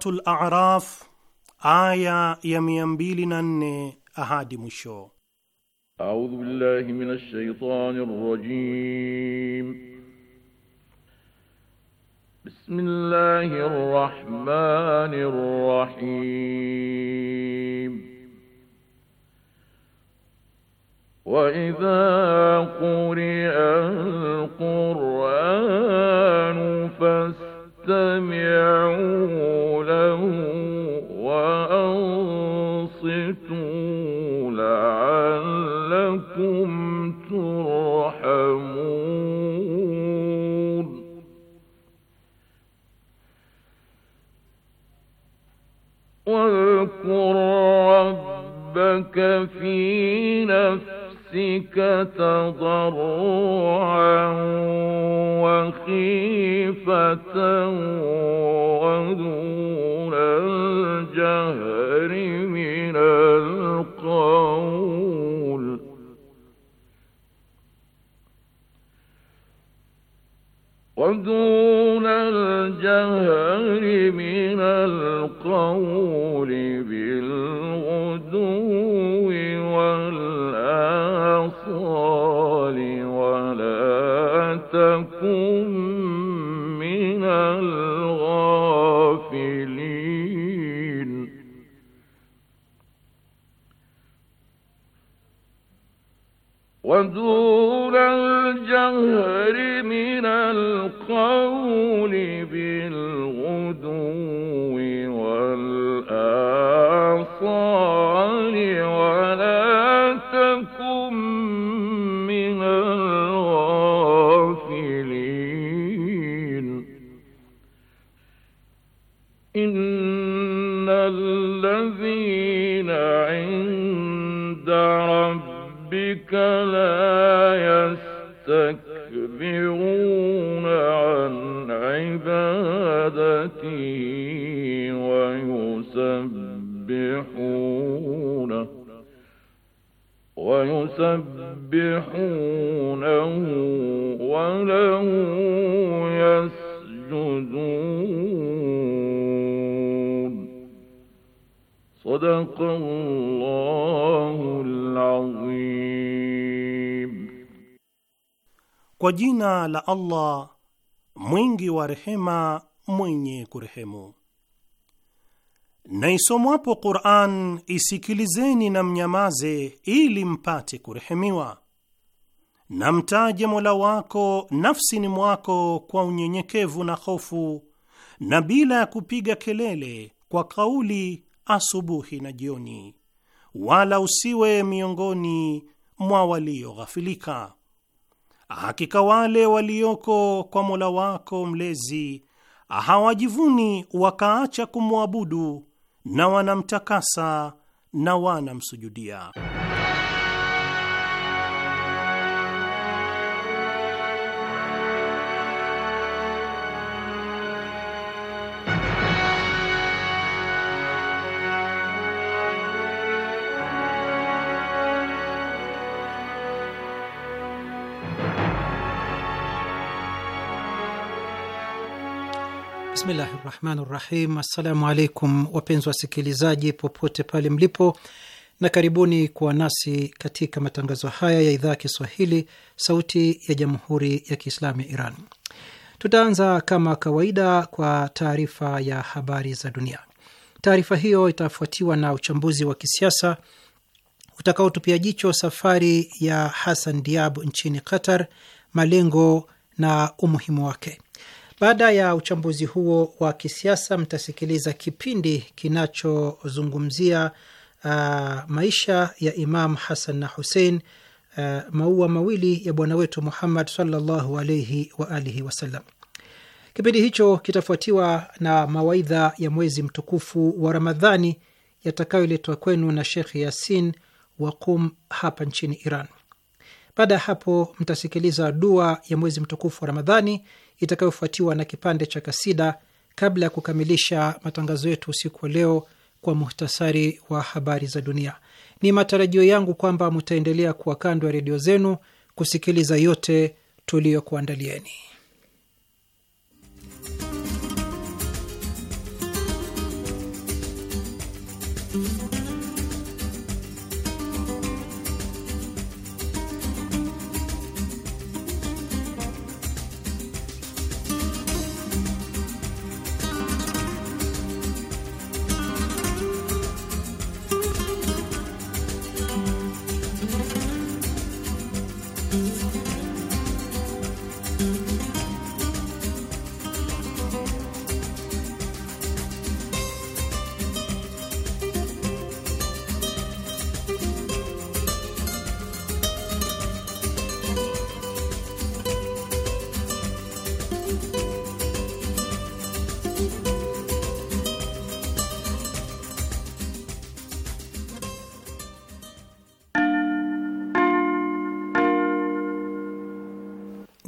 Suratul A'raf aya ya mia mbili na nne ahadi mwisho. A'udhu billahi minash shaitanir rajim. بسم الله الرحمن الرحيم وإذا قرئ القرآن فاستمعوا لعلكم ترحمون واذكر ربك في نفسك تضرعا وخيفة ودون الجهر دون الجهر من القول ولا تكن من الغافلين إن الذين عند ربك لا يستكبرون عن عبادتي ويسبح يسبحونه ويسبحونه وله يسجدون صدق الله العظيم Kwa jina la Allah mwingi wa rehema mwenye kurehemu. Na isomwapo Qur'an isikilizeni na mnyamaze, ili mpate kurehemiwa. Na mtaje Mola wako nafsini mwako kwa unyenyekevu na hofu, na bila ya kupiga kelele, kwa kauli asubuhi na jioni, wala usiwe miongoni mwa walioghafilika. Hakika wale walioko kwa Mola wako mlezi hawajivuni wakaacha kumwabudu na wanamtakasa na wanamsujudia. Bismillahi rahmani rahim. Assalamu alaikum wapenzi wasikilizaji popote pale mlipo, na karibuni kuwa nasi katika matangazo haya ya idhaa ya Kiswahili sauti ya jamhuri ya Kiislamu ya Iran. Tutaanza kama kawaida kwa taarifa ya habari za dunia. Taarifa hiyo itafuatiwa na uchambuzi wa kisiasa utakaotupia jicho safari ya Hassan Diab nchini Qatar, malengo na umuhimu wake. Baada ya uchambuzi huo wa kisiasa, mtasikiliza kipindi kinachozungumzia uh, maisha ya Imam Hasan na Husein, uh, maua mawili ya bwana wetu Muhammad sallallahu alaihi wa alihi wasallam. Kipindi hicho kitafuatiwa na mawaidha ya mwezi mtukufu wa Ramadhani yatakayoletwa kwenu na Shekh Yasin wa Qum hapa nchini Iran. Baada ya hapo, mtasikiliza dua ya mwezi mtukufu wa Ramadhani itakayofuatiwa na kipande cha kasida kabla ya kukamilisha matangazo yetu usiku wa leo kwa muhtasari wa habari za dunia. Ni matarajio yangu kwamba mtaendelea kuwa kando ya redio zenu kusikiliza yote tuliyokuandalieni.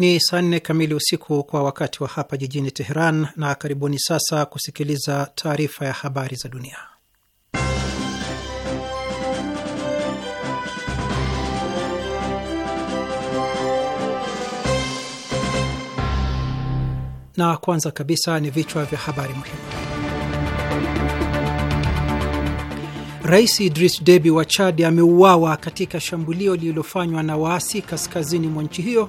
Ni saa nne kamili usiku kwa wakati wa hapa jijini Teheran, na karibuni sasa kusikiliza taarifa ya habari za dunia. Na kwanza kabisa ni vichwa vya habari muhimu. Rais Idris Deby wa Chad ameuawa katika shambulio lililofanywa na waasi kaskazini mwa nchi hiyo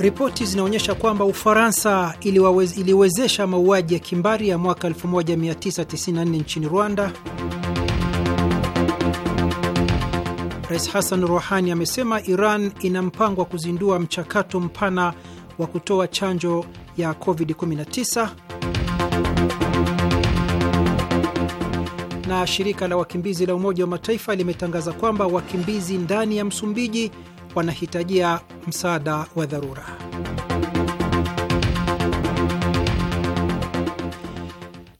Ripoti zinaonyesha kwamba Ufaransa iliwezesha mauaji ya kimbari ya mwaka 1994 nchini Rwanda. Rais Hassan Rouhani amesema Iran ina mpango wa kuzindua mchakato mpana wa kutoa chanjo ya COVID-19. Na shirika la wakimbizi la Umoja wa Mataifa limetangaza kwamba wakimbizi ndani ya Msumbiji wanahitajia msaada wa dharura.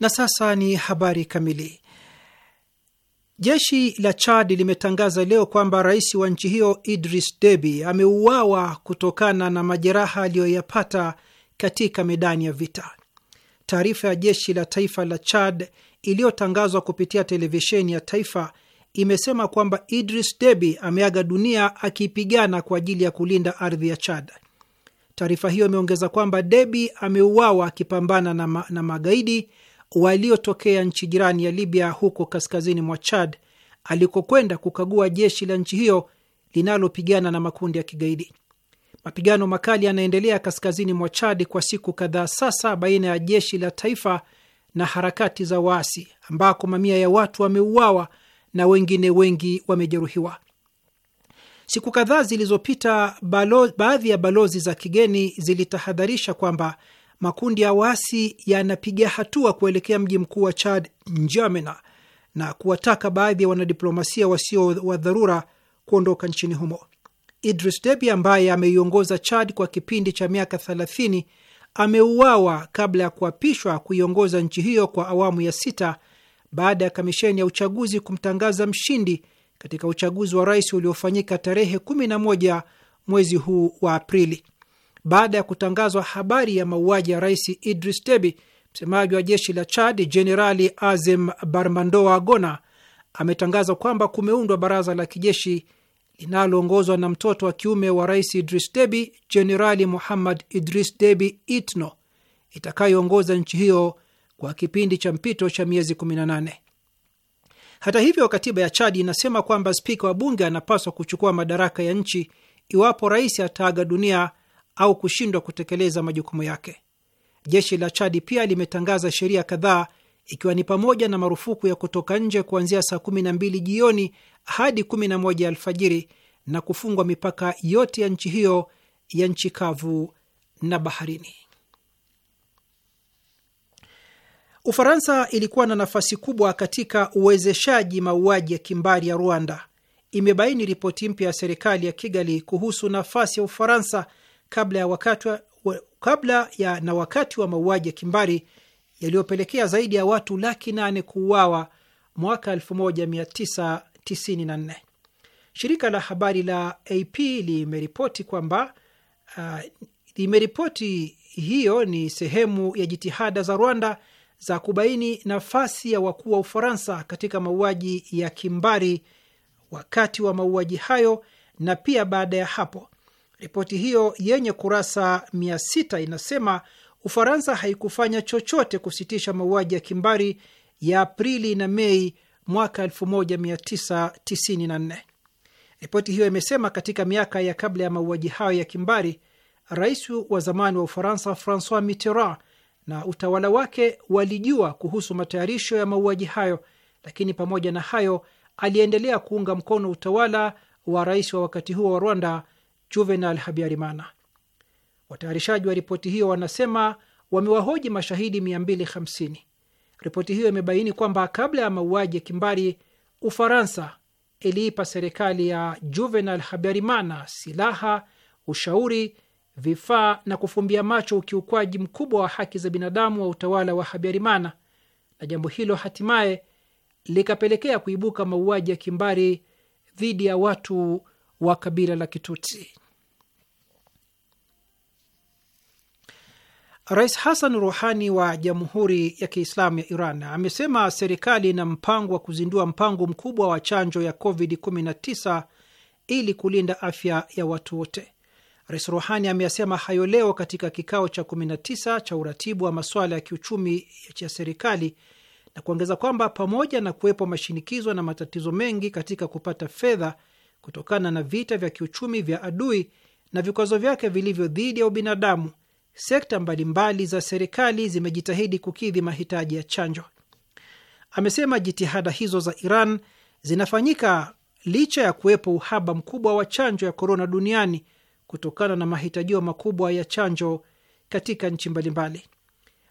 Na sasa ni habari kamili. Jeshi la Chad limetangaza leo kwamba rais wa nchi hiyo Idris Deby ameuawa kutokana na majeraha aliyoyapata katika medani ya vita. Taarifa ya jeshi la taifa la Chad iliyotangazwa kupitia televisheni ya taifa imesema kwamba Idris Deby ameaga dunia akipigana kwa ajili ya kulinda ardhi ya Chad. Taarifa hiyo imeongeza kwamba Deby ameuawa akipambana na, ma, na magaidi waliotokea nchi jirani ya Libya huko kaskazini mwa Chad alikokwenda kukagua jeshi la nchi hiyo linalopigana na makundi ya kigaidi. Mapigano makali yanaendelea kaskazini mwa Chad kwa siku kadhaa sasa, baina ya jeshi la taifa na harakati za waasi ambako mamia ya watu wameuawa na wengine wengi wamejeruhiwa. Siku kadhaa zilizopita, baadhi ya balozi za kigeni zilitahadharisha kwamba makundi ya waasi yanapiga hatua kuelekea mji mkuu wa Chad, Njamena, na kuwataka baadhi ya wanadiplomasia wasio wa dharura kuondoka nchini humo. Idris Deby ambaye ameiongoza Chad kwa kipindi cha miaka 30 ameuawa kabla ya kuapishwa kuiongoza nchi hiyo kwa awamu ya sita baada ya kamisheni ya uchaguzi kumtangaza mshindi katika uchaguzi wa rais uliofanyika tarehe 11 mwezi huu wa Aprili. Baada ya kutangazwa habari ya mauaji ya rais Idris Deby, msemaji wa jeshi la Chad Jenerali Azem Barmandoa Agona ametangaza kwamba kumeundwa baraza la kijeshi linaloongozwa na mtoto wa kiume wa rais Idris Deby, Jenerali Muhammad Idris Deby Itno, itakayoongoza nchi hiyo kwa kipindi cha mpito cha miezi 18. Hata hivyo, katiba ya Chadi inasema kwamba spika wa bunge anapaswa kuchukua madaraka ya nchi iwapo rais ataaga dunia au kushindwa kutekeleza majukumu yake. Jeshi la Chadi pia limetangaza sheria kadhaa ikiwa ni pamoja na marufuku ya kutoka nje kuanzia saa 12 jioni hadi moja alfajiri na kufungwa mipaka yote ya nchi hiyo ya nchi kavu na baharini. Ufaransa ilikuwa na nafasi kubwa katika uwezeshaji mauaji ya kimbari ya Rwanda, imebaini ripoti mpya ya serikali ya Kigali kuhusu nafasi ya Ufaransa kabla ya wakati wa, kabla ya na wakati wa mauaji ya kimbari yaliyopelekea zaidi ya watu laki nane kuuawa mwaka 1994. Shirika la habari la AP limeripoti kwamba uh, limeripoti hiyo ni sehemu ya jitihada za Rwanda za kubaini nafasi ya wakuu wa Ufaransa katika mauaji ya kimbari, wakati wa mauaji hayo na pia baada ya hapo. Ripoti hiyo yenye kurasa 6 inasema Ufaransa haikufanya chochote kusitisha mauaji ya kimbari ya Aprili na Mei mwaka 1994. Ripoti hiyo imesema katika miaka ya kabla ya mauaji hayo ya kimbari, rais wa zamani wa Ufaransa Francois Mitterrand na utawala wake walijua kuhusu matayarisho ya mauaji hayo, lakini pamoja na hayo aliendelea kuunga mkono utawala wa rais wa wakati huo wa Rwanda, Juvenal Habyarimana. Watayarishaji wa ripoti hiyo wanasema wamewahoji mashahidi 250. Ripoti hiyo imebaini kwamba kabla ya mauaji ya kimbari, Ufaransa iliipa serikali ya Juvenal Habyarimana silaha, ushauri vifaa na kufumbia macho ukiukwaji mkubwa wa haki za binadamu wa utawala wa Habyarimana, na jambo hilo hatimaye likapelekea kuibuka mauaji ya kimbari dhidi ya watu wa kabila la kituti Rais Hassan Ruhani wa Jamhuri ya Kiislamu ya Iran amesema serikali ina mpango wa kuzindua mpango mkubwa wa chanjo ya COVID-19 ili kulinda afya ya watu wote. Rais Rohani ameyasema hayo leo katika kikao cha 19 cha uratibu wa masuala ya kiuchumi cha serikali na kuongeza kwamba pamoja na kuwepo mashinikizo na matatizo mengi katika kupata fedha kutokana na vita vya kiuchumi vya adui na vikwazo vyake vilivyo dhidi ya ubinadamu, sekta mbalimbali za serikali zimejitahidi kukidhi mahitaji ya chanjo. Amesema jitihada hizo za Iran zinafanyika licha ya kuwepo uhaba mkubwa wa chanjo ya korona duniani kutokana na mahitajio makubwa ya chanjo katika nchi mbalimbali.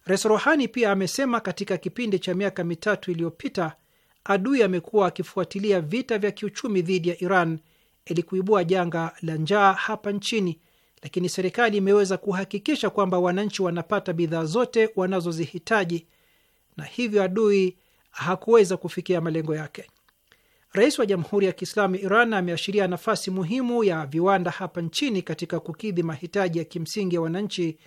Rais Rohani pia amesema katika kipindi cha miaka mitatu iliyopita adui amekuwa akifuatilia vita vya kiuchumi dhidi ya Iran ili kuibua janga la njaa hapa nchini, lakini serikali imeweza kuhakikisha kwamba wananchi wanapata bidhaa zote wanazozihitaji na hivyo adui hakuweza kufikia malengo yake. Rais wa Jamhuri ya Kiislamu Iran ameashiria nafasi muhimu ya viwanda hapa nchini katika kukidhi mahitaji ya kimsingi ya wananchi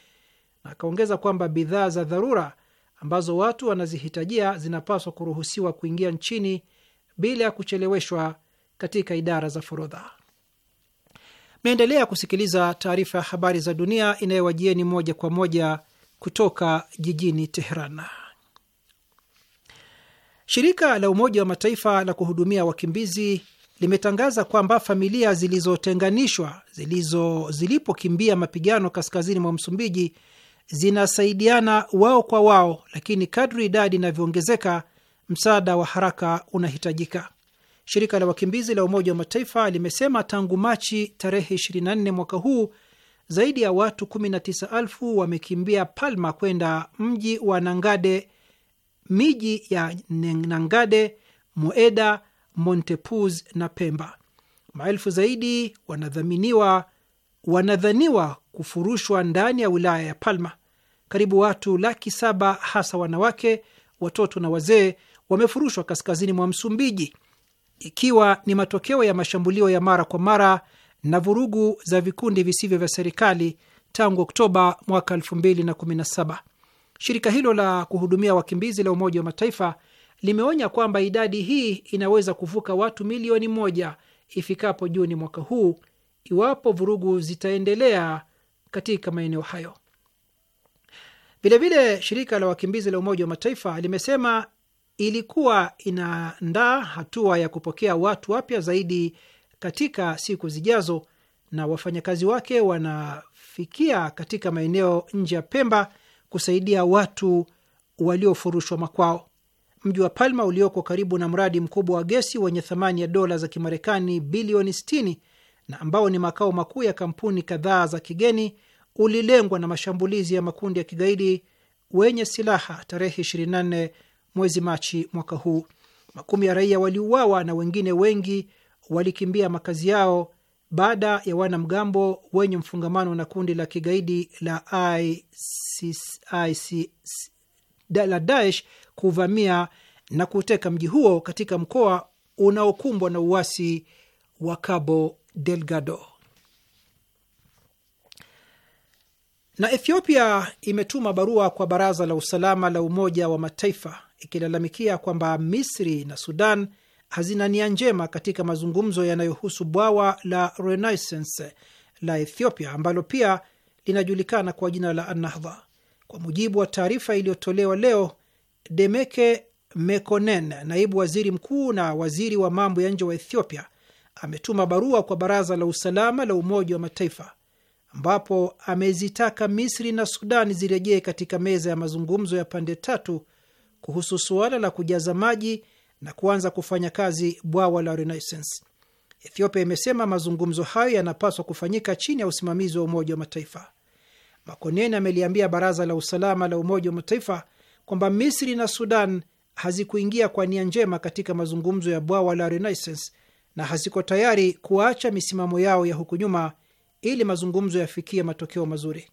na akaongeza kwamba bidhaa za dharura ambazo watu wanazihitajia zinapaswa kuruhusiwa kuingia nchini bila ya kucheleweshwa katika idara za forodha. Meendelea kusikiliza taarifa ya habari za dunia inayowajieni moja kwa moja kutoka jijini Teheran. Shirika la Umoja wa Mataifa la kuhudumia wakimbizi limetangaza kwamba familia zilizotenganishwa zilizo zilipokimbia mapigano kaskazini mwa Msumbiji zinasaidiana wao kwa wao, lakini kadri idadi inavyoongezeka msaada wa haraka unahitajika. Shirika la wakimbizi la Umoja wa Mataifa limesema tangu Machi tarehe 24 mwaka huu zaidi ya watu 19,000 wamekimbia Palma kwenda mji wa Nangade miji ya nangade Moeda, Montepuz na Pemba. Maelfu zaidi wanadhaminiwa wanadhaniwa kufurushwa ndani ya wilaya ya Palma. Karibu watu laki saba hasa wanawake, watoto na wazee wamefurushwa kaskazini mwa Msumbiji, ikiwa ni matokeo ya mashambulio ya mara kwa mara na vurugu za vikundi visivyo vya serikali tangu Oktoba mwaka 2017. Shirika hilo la kuhudumia wakimbizi la Umoja wa Mataifa limeonya kwamba idadi hii inaweza kuvuka watu milioni moja ifikapo Juni mwaka huu iwapo vurugu zitaendelea katika maeneo hayo. Vilevile, shirika la wakimbizi la Umoja wa Mataifa limesema ilikuwa inaandaa hatua ya kupokea watu wapya zaidi katika siku zijazo, na wafanyakazi wake wanafikia katika maeneo nje ya Pemba kusaidia watu waliofurushwa makwao. Mji wa Palma ulioko karibu na mradi mkubwa wa gesi wenye thamani ya dola za Kimarekani bilioni 60 na ambao ni makao makuu ya kampuni kadhaa za kigeni ulilengwa na mashambulizi ya makundi ya kigaidi wenye silaha tarehe 24 mwezi Machi mwaka huu. Makumi ya raia waliuawa na wengine wengi walikimbia makazi yao baada ya wanamgambo wenye mfungamano na kundi la kigaidi la ISIS, ISIS, la Daesh kuvamia na kuteka mji huo katika mkoa unaokumbwa na uasi wa Cabo Delgado. Na Ethiopia imetuma barua kwa Baraza la Usalama la Umoja wa Mataifa ikilalamikia kwamba Misri na Sudan hazina nia njema katika mazungumzo yanayohusu bwawa la Renaissance la Ethiopia ambalo pia linajulikana kwa jina la Annahdha. Kwa mujibu wa taarifa iliyotolewa leo, Demeke Mekonen, naibu waziri mkuu na waziri wa mambo ya nje wa Ethiopia, ametuma barua kwa Baraza la Usalama la Umoja wa Mataifa ambapo amezitaka Misri na Sudani zirejee katika meza ya mazungumzo ya pande tatu kuhusu suala la kujaza maji na kuanza kufanya kazi bwawa la Renaissance. Ethiopia imesema mazungumzo hayo yanapaswa kufanyika chini ya usimamizi wa Umoja wa Mataifa. Makoneni ameliambia Baraza la Usalama la Umoja wa Mataifa kwamba Misri na Sudan hazikuingia kwa nia njema katika mazungumzo ya bwawa la Renaissance na haziko tayari kuacha misimamo yao ya huku nyuma ili mazungumzo yafikie matokeo mazuri.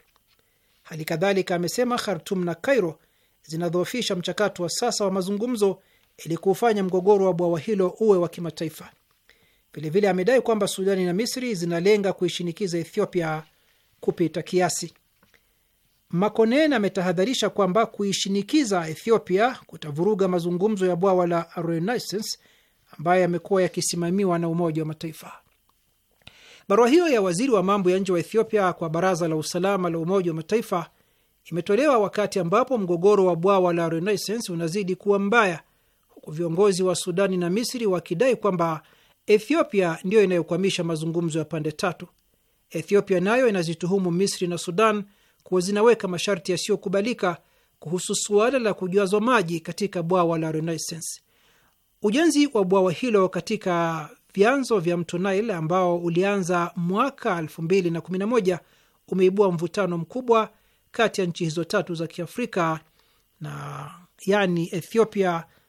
Hali kadhalika amesema Khartum na cairo zinadhoofisha mchakato wa sasa wa mazungumzo ili kuufanya mgogoro wa bwawa hilo uwe wa kimataifa. Vilevile amedai kwamba Sudani na Misri zinalenga kuishinikiza Ethiopia kupita kiasi. Makonen ametahadharisha kwamba kuishinikiza Ethiopia kutavuruga mazungumzo ya bwawa la Renaissance ambayo yamekuwa yakisimamiwa na Umoja wa Mataifa. Barua hiyo ya waziri wa mambo ya nje wa Ethiopia kwa Baraza la Usalama la Umoja wa Mataifa imetolewa wakati ambapo mgogoro wa bwawa la Renaissance unazidi kuwa mbaya viongozi wa Sudani na Misri wakidai kwamba Ethiopia ndiyo inayokwamisha mazungumzo ya pande tatu. Ethiopia nayo inazituhumu Misri na Sudan kuwa zinaweka masharti yasiyokubalika kuhusu suala la kujazwa maji katika bwawa la Renaissance. Ujenzi wa bwawa hilo katika vyanzo vya mto Nile ambao ulianza mwaka 2011 umeibua mvutano mkubwa kati ya nchi hizo tatu za Kiafrika na yani Ethiopia,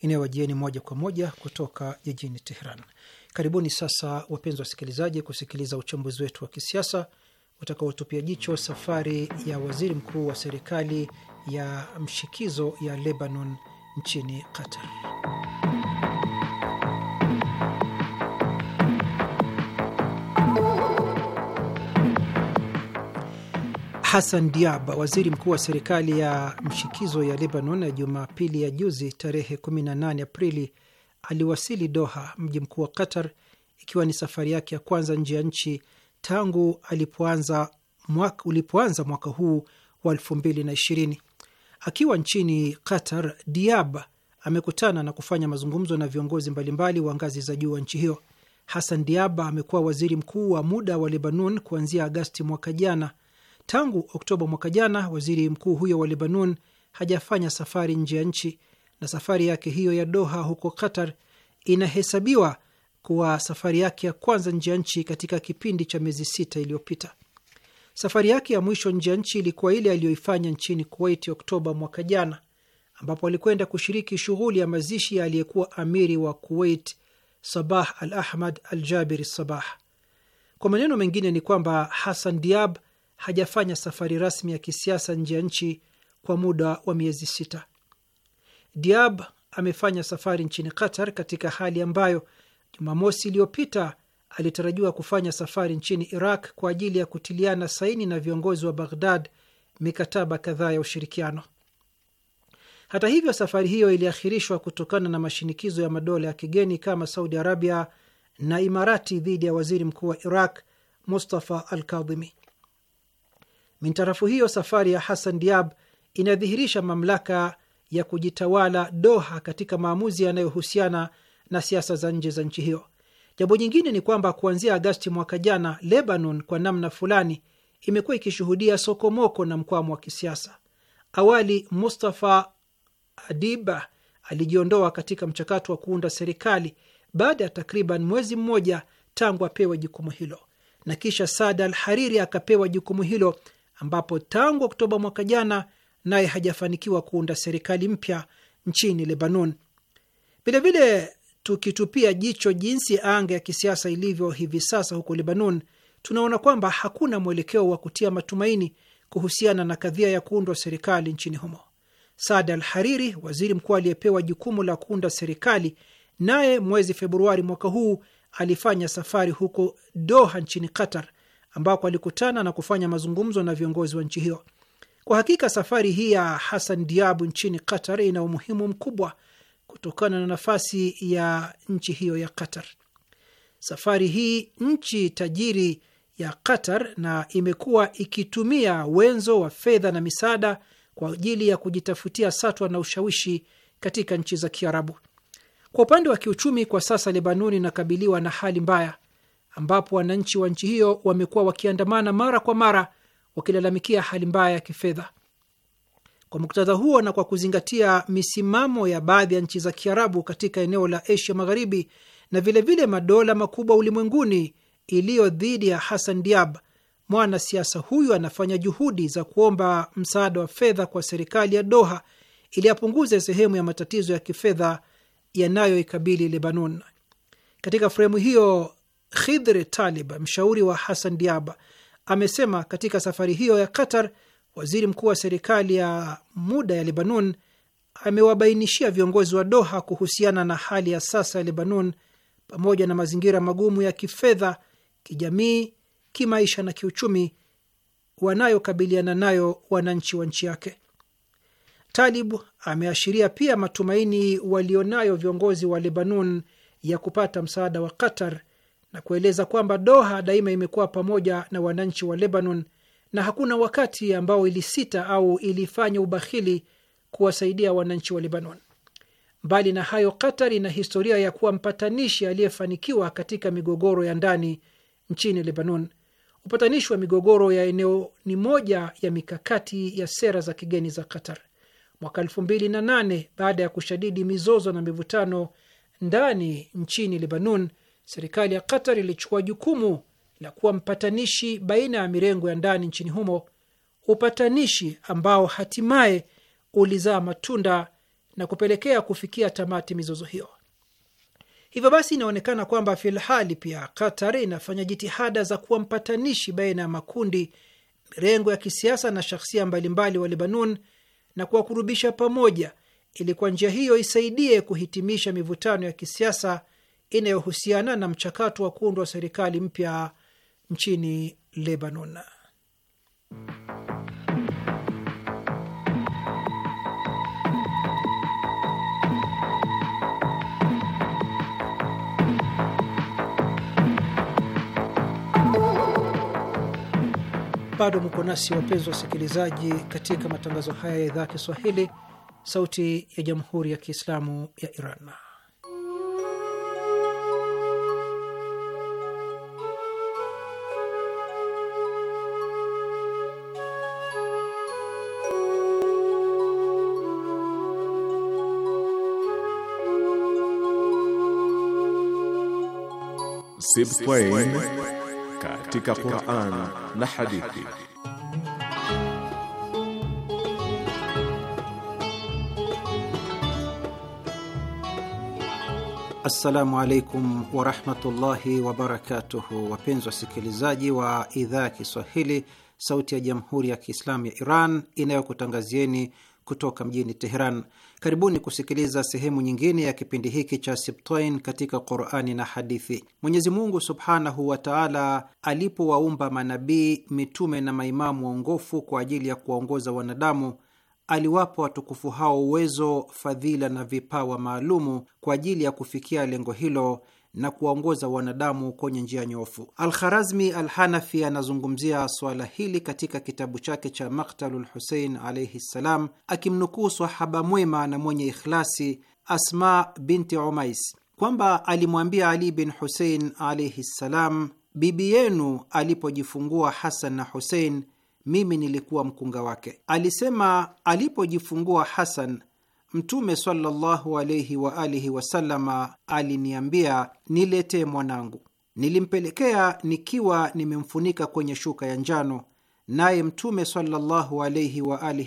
inayowajieni moja kwa moja kutoka jijini Teheran. Karibuni sasa, wapenzi wasikilizaji, kusikiliza uchambuzi wetu wa kisiasa utakaotupia jicho safari ya waziri mkuu wa serikali ya mshikizo ya Lebanon nchini Qatar. Hassan Diab, waziri mkuu wa serikali ya mshikizo ya Lebanon, Jumapili ya juzi tarehe 18 Aprili aliwasili Doha, mji mkuu wa Qatar, ikiwa ni safari yake ya kwanza nje ya nchi tangu alipoanza mwaka, ulipoanza mwaka huu wa 2020. Akiwa nchini Qatar, Diab amekutana na kufanya mazungumzo na viongozi mbalimbali wa ngazi za juu wa nchi hiyo. Hassan Diab amekuwa waziri mkuu wa muda wa Lebanon kuanzia Agasti mwaka jana Tangu Oktoba mwaka jana, waziri mkuu huyo wa Lebanon hajafanya safari nje ya nchi na safari yake hiyo ya Doha huko Qatar inahesabiwa kuwa safari yake ya kwanza nje ya nchi katika kipindi cha miezi sita iliyopita. Safari yake ya mwisho nje ya nchi ilikuwa ile aliyoifanya nchini Kuwait Oktoba mwaka jana, ambapo alikwenda kushiriki shughuli ya mazishi ya aliyekuwa amiri wa Kuwait Sabah al Ahmad al Jabir Sabah. Kwa maneno mengine ni kwamba Hassan Diab hajafanya safari rasmi ya kisiasa nje ya nchi kwa muda wa miezi sita. Diab amefanya safari nchini Qatar katika hali ambayo Jumamosi iliyopita alitarajiwa kufanya safari nchini Iraq kwa ajili ya kutiliana saini na viongozi wa Baghdad mikataba kadhaa ya ushirikiano. Hata hivyo, safari hiyo iliahirishwa kutokana na mashinikizo ya madola ya kigeni kama Saudi Arabia na Imarati dhidi ya waziri mkuu wa Iraq Mustafa Al Kadhimi. Mintarafu hiyo safari ya Hassan Diab inadhihirisha mamlaka ya kujitawala Doha katika maamuzi yanayohusiana na siasa za nje za nchi hiyo. Jambo nyingine ni kwamba kuanzia Agasti mwaka jana, Lebanon kwa namna fulani imekuwa ikishuhudia sokomoko na mkwamo wa kisiasa. Awali Mustafa Adiba alijiondoa katika mchakato wa kuunda serikali baada ya takriban mwezi mmoja tangu apewe jukumu hilo, na kisha Saad al Hariri akapewa jukumu hilo ambapo tangu Oktoba mwaka jana naye hajafanikiwa kuunda serikali mpya nchini Lebanon. Vilevile, tukitupia jicho jinsi anga ya kisiasa ilivyo hivi sasa huko Lebanon, tunaona kwamba hakuna mwelekeo wa kutia matumaini kuhusiana na kadhia ya kuundwa serikali nchini humo. Saad Al Hariri, waziri mkuu aliyepewa jukumu la kuunda serikali, naye mwezi Februari mwaka huu alifanya safari huko Doha nchini Qatar ambako alikutana na kufanya mazungumzo na viongozi wa nchi hiyo. Kwa hakika safari hii ya Hassan Diabu nchini Qatar ina umuhimu mkubwa kutokana na nafasi ya nchi hiyo ya Qatar. Safari hii nchi tajiri ya Qatar na imekuwa ikitumia wenzo wa fedha na misaada kwa ajili ya kujitafutia satwa na ushawishi katika nchi za Kiarabu. Kwa upande wa kiuchumi, kwa sasa Lebanoni inakabiliwa na hali mbaya ambapo wananchi wa nchi hiyo wamekuwa wakiandamana mara kwa mara wakilalamikia hali mbaya ya kifedha. Kwa muktadha huo na kwa kuzingatia misimamo ya baadhi ya nchi za Kiarabu katika eneo la Asia Magharibi na vilevile vile madola makubwa ulimwenguni iliyo dhidi ya Hassan Diab, mwanasiasa huyu anafanya juhudi za kuomba msaada wa fedha kwa serikali ya Doha ili apunguze sehemu ya matatizo ya kifedha yanayoikabili Lebanon. Katika fremu hiyo, Khidhre Talib, mshauri wa Hassan Diaba, amesema katika safari hiyo ya Qatar, waziri mkuu wa serikali ya muda ya Lebanon amewabainishia viongozi wa Doha kuhusiana na hali ya sasa ya Lebanon pamoja na mazingira magumu ya kifedha, kijamii, kimaisha na kiuchumi wanayokabiliana nayo wananchi wa nchi yake. Talib ameashiria pia matumaini walionayo viongozi wa Lebanon ya kupata msaada wa Qatar na kueleza kwamba Doha daima imekuwa pamoja na wananchi wa Lebanon na hakuna wakati ambao ilisita au ilifanya ubakhili kuwasaidia wananchi wa Lebanon. Mbali na hayo, Qatar ina historia ya kuwa mpatanishi aliyefanikiwa katika migogoro ya ndani nchini Lebanon. Upatanishi wa migogoro ya eneo ni moja ya mikakati ya sera za kigeni za Qatar. Mwaka elfu mbili na nane, baada ya kushadidi mizozo na mivutano ndani nchini Lebanon, serikali ya Qatar ilichukua jukumu la kuwa mpatanishi baina ya mirengo ya ndani nchini humo, upatanishi ambao hatimaye ulizaa matunda na kupelekea kufikia tamati mizozo hiyo. Hivyo basi, inaonekana kwamba filhali pia Qatar inafanya jitihada za kuwa mpatanishi baina ya makundi, mirengo ya kisiasa na shahsia mbalimbali wa Lebanon na kuwakurubisha pamoja, ili kwa njia hiyo isaidie kuhitimisha mivutano ya kisiasa inayohusiana na mchakato wa kuundwa serikali mpya nchini Lebanon. Bado mko nasi wapenzi wasikilizaji, katika matangazo haya ya idhaa ya Kiswahili, Sauti ya Jamhuri ya Kiislamu ya Iran. Sibtain katika Qur'an na hadithi. Assalamu alaikum warahmatullahi wabarakatuhu, wapenzi wasikilizaji wa idhaa ya Kiswahili, sauti ya jamhuri ya kiislamu ya Iran inayokutangazieni kutoka mjini Teheran. Karibuni kusikiliza sehemu nyingine ya kipindi hiki cha Sibtain katika Qurani na hadithi. Mwenyezi Mungu subhanahu wa taala alipowaumba manabii, mitume na maimamu waongofu kwa ajili ya kuwaongoza wanadamu aliwapa watukufu hao uwezo, fadhila na vipawa maalumu kwa ajili ya kufikia lengo hilo na kuwaongoza wanadamu kwenye njia nyofu. Alkharazmi Alhanafi anazungumzia swala hili katika kitabu chake cha Maktalu Lhusein alaihi ssalam, akimnukuu swahaba mwema na mwenye ikhlasi Asma binti Umais kwamba alimwambia Ali bin Husein alaihi ssalam, bibi yenu alipojifungua Hasan na Husein, mimi nilikuwa mkunga wake. Alisema, alipojifungua Hasan Mtume sallallahu wasallama aliniambia, niletee mwanangu. Nilimpelekea nikiwa nimemfunika kwenye shuka ya njano, naye Mtume sallallahu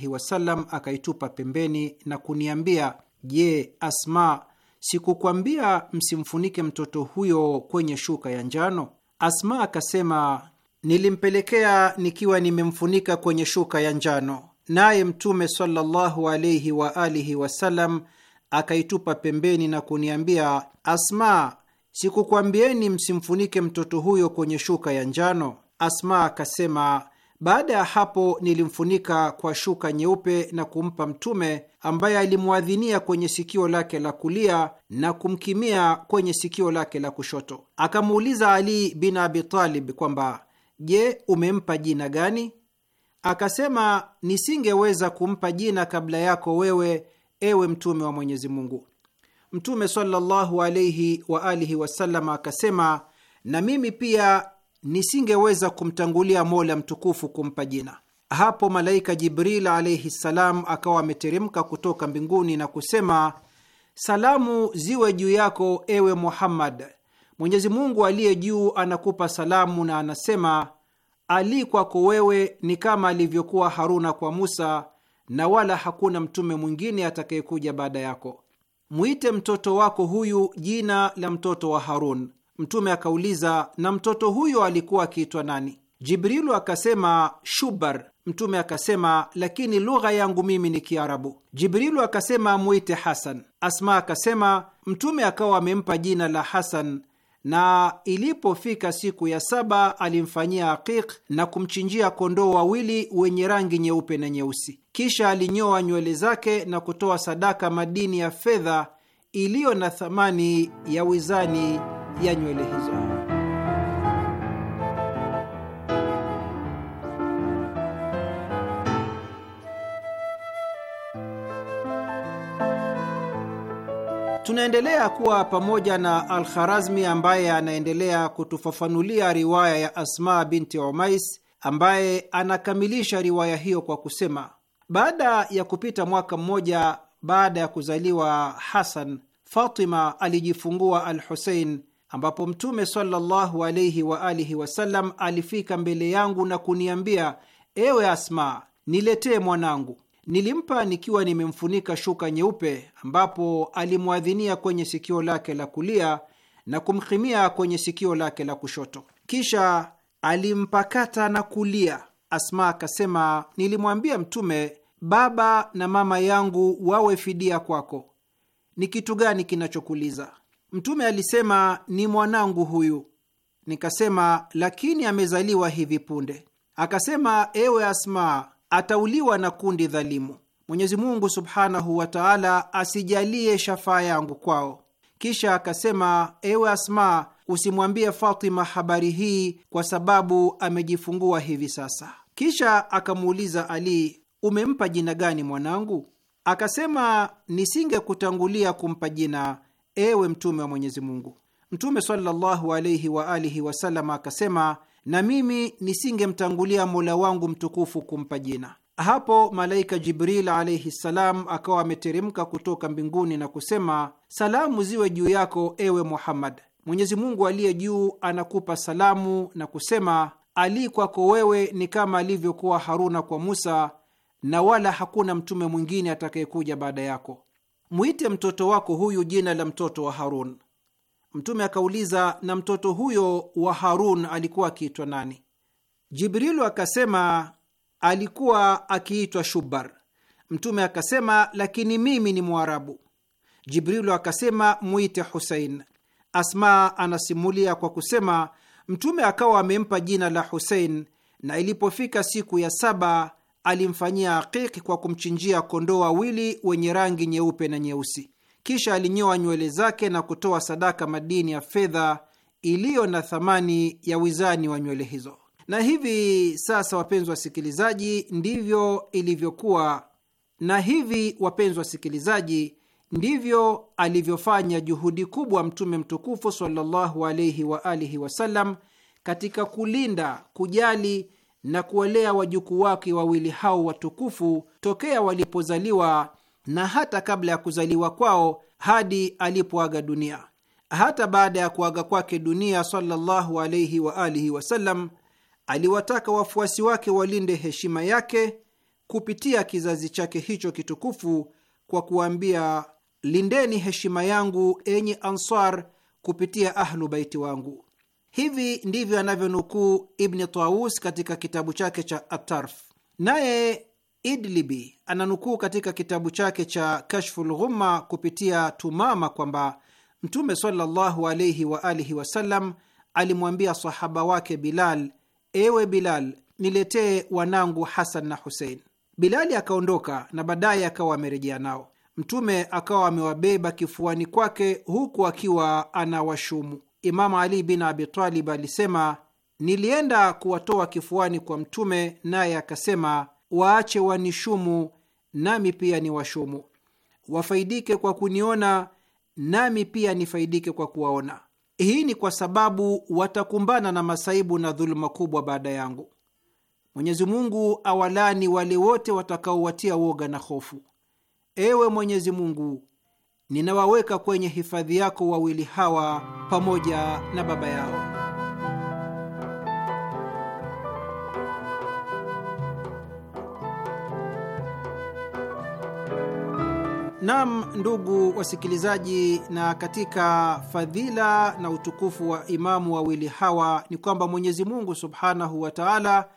wasallam akaitupa pembeni na kuniambia, je, Asma, sikukwambia msimfunike mtoto huyo kwenye shuka ya njano? Asma akasema, nilimpelekea nikiwa nimemfunika kwenye shuka ya njano naye Mtume sallallahu alaihi wa alihi wasallam akaitupa pembeni na kuniambia, Asma, sikukwambieni msimfunike mtoto huyo kwenye shuka ya njano? Asma akasema, baada ya hapo nilimfunika kwa shuka nyeupe na kumpa Mtume, ambaye alimwadhinia kwenye sikio lake la kulia na kumkimia kwenye sikio lake la kushoto. Akamuuliza Ali bin Abi Talib kwamba je, umempa jina gani? akasema, nisingeweza kumpa jina kabla yako wewe, ewe mtume wa Mwenyezi Mungu. Mtume sallallahu alaihi wa alihi wasallam akasema, na mimi pia nisingeweza kumtangulia Mola mtukufu kumpa jina. Hapo malaika Jibril alaihi ssalam akawa ameteremka kutoka mbinguni na kusema, salamu ziwe juu yako ewe Muhammad, Mwenyezi Mungu aliye juu anakupa salamu na anasema ali kwako wewe ni kama alivyokuwa Haruna kwa Musa, na wala hakuna mtume mwingine atakayekuja baada yako. Mwite mtoto wako huyu jina la mtoto wa Harun. Mtume akauliza, na mtoto huyo alikuwa akiitwa nani? Jibrilu akasema Shubar. Mtume akasema, lakini lugha yangu mimi ni Kiarabu. Jibrilu akasema, mwite Hasan. Asma akasema, mtume akawa amempa jina la Hasan na ilipofika siku ya saba alimfanyia akik na kumchinjia kondoo wawili wenye rangi nyeupe na nyeusi. Kisha alinyoa nywele zake na kutoa sadaka madini ya fedha iliyo na thamani ya wizani ya nywele hizo. Tunaendelea kuwa pamoja na Alkharazmi ambaye anaendelea kutufafanulia riwaya ya Asma binti Umais ambaye anakamilisha riwaya hiyo kwa kusema, baada ya kupita mwaka mmoja baada ya kuzaliwa Hasan, Fatima alijifungua al Husein, ambapo Mtume sallallahu alaihi wasallam alifika mbele yangu na kuniambia, ewe Asma, niletee mwanangu. Nilimpa nikiwa nimemfunika shuka nyeupe, ambapo alimwadhinia kwenye sikio lake la kulia na kumhimia kwenye sikio lake la kushoto, kisha alimpakata na kulia. Asma akasema, nilimwambia Mtume, baba na mama yangu wawe fidia kwako, ni kitu gani kinachokuliza? Mtume alisema, ni mwanangu huyu. Nikasema, lakini amezaliwa hivi punde. Akasema, ewe Asma, atauliwa na kundi dhalimu. Mwenyezi Mungu subhanahu wa taala asijalie shafaa yangu kwao. Kisha akasema, ewe Asma, usimwambie Fatima habari hii kwa sababu amejifungua hivi sasa. Kisha akamuuliza Ali, umempa jina gani mwanangu? Akasema, nisingekutangulia kumpa jina, ewe Mtume wa Mwenyezi Mungu. Mtume sallallahu alaihi wasallam akasema na mimi nisingemtangulia Mola wangu mtukufu kumpa jina. Hapo malaika Jibril alaihi ssalam akawa ameteremka kutoka mbinguni na kusema, salamu ziwe juu yako ewe Muhammad, Mwenyezi Mungu aliye juu anakupa salamu na kusema, Ali kwako wewe ni kama alivyokuwa Haruna kwa Musa, na wala hakuna mtume mwingine atakayekuja baada yako. Mwite mtoto wako huyu jina la mtoto wa Harun. Mtume akauliza, na mtoto huyo wa Harun alikuwa akiitwa nani? Jibrilu akasema, alikuwa akiitwa Shubar. Mtume akasema, lakini mimi ni Mwarabu. Jibrilu akasema, mwite Husein. Asma anasimulia kwa kusema, Mtume akawa amempa jina la Husein, na ilipofika siku ya saba alimfanyia akiki kwa kumchinjia kondoo wawili wenye rangi nyeupe na nyeusi. Kisha alinyoa nywele zake na kutoa sadaka madini ya fedha iliyo na thamani ya wizani wa nywele hizo. Na hivi sasa, wapenzi wasikilizaji, ndivyo ilivyokuwa, na hivi wapenzi wasikilizaji, ndivyo alivyofanya juhudi kubwa Mtume mtukufu sallallahu alaihi wa alihi wasallam katika kulinda, kujali na kuwalea wajukuu wake wawili hao watukufu tokea walipozaliwa na hata kabla ya kuzaliwa kwao hadi alipoaga dunia. Hata baada ya kuaga kwake dunia sallallahu wa alihi wasallam, aliwataka wafuasi wake walinde heshima yake kupitia kizazi chake hicho kitukufu kwa kuwambia lindeni heshima yangu enyi Ansar kupitia ahlu baiti wangu. Hivi ndivyo anavyonukuu Ibni Taus katika kitabu chake cha Atarf. Naye Idlibi ananukuu katika kitabu chake cha Kashful Ghumma kupitia Tumama kwamba Mtume sallallahu alaihi wa alihi wasallam alimwambia sahaba wake Bilal, ewe Bilal, niletee wanangu Hasan na Husein. Bilali akaondoka na baadaye akawa amerejea nao. Mtume akawa amewabeba kifuani kwake huku akiwa anawashumu. Imamu Ali bin Abitalib alisema, nilienda kuwatoa kifuani kwa Mtume, naye akasema waache wanishumu, nami pia ni washumu Wafaidike kwa kuniona, nami pia nifaidike kwa kuwaona. Hii ni kwa sababu watakumbana na masaibu na dhuluma kubwa baada yangu. Mwenyezi Mungu awalani wale wote watakaowatia woga na hofu. Ewe Mwenyezi Mungu, ninawaweka kwenye hifadhi yako wawili hawa pamoja na baba yao. Nam, ndugu wasikilizaji, na katika fadhila na utukufu wa imamu wawili hawa ni kwamba Mwenyezi Mungu subhanahu wa taala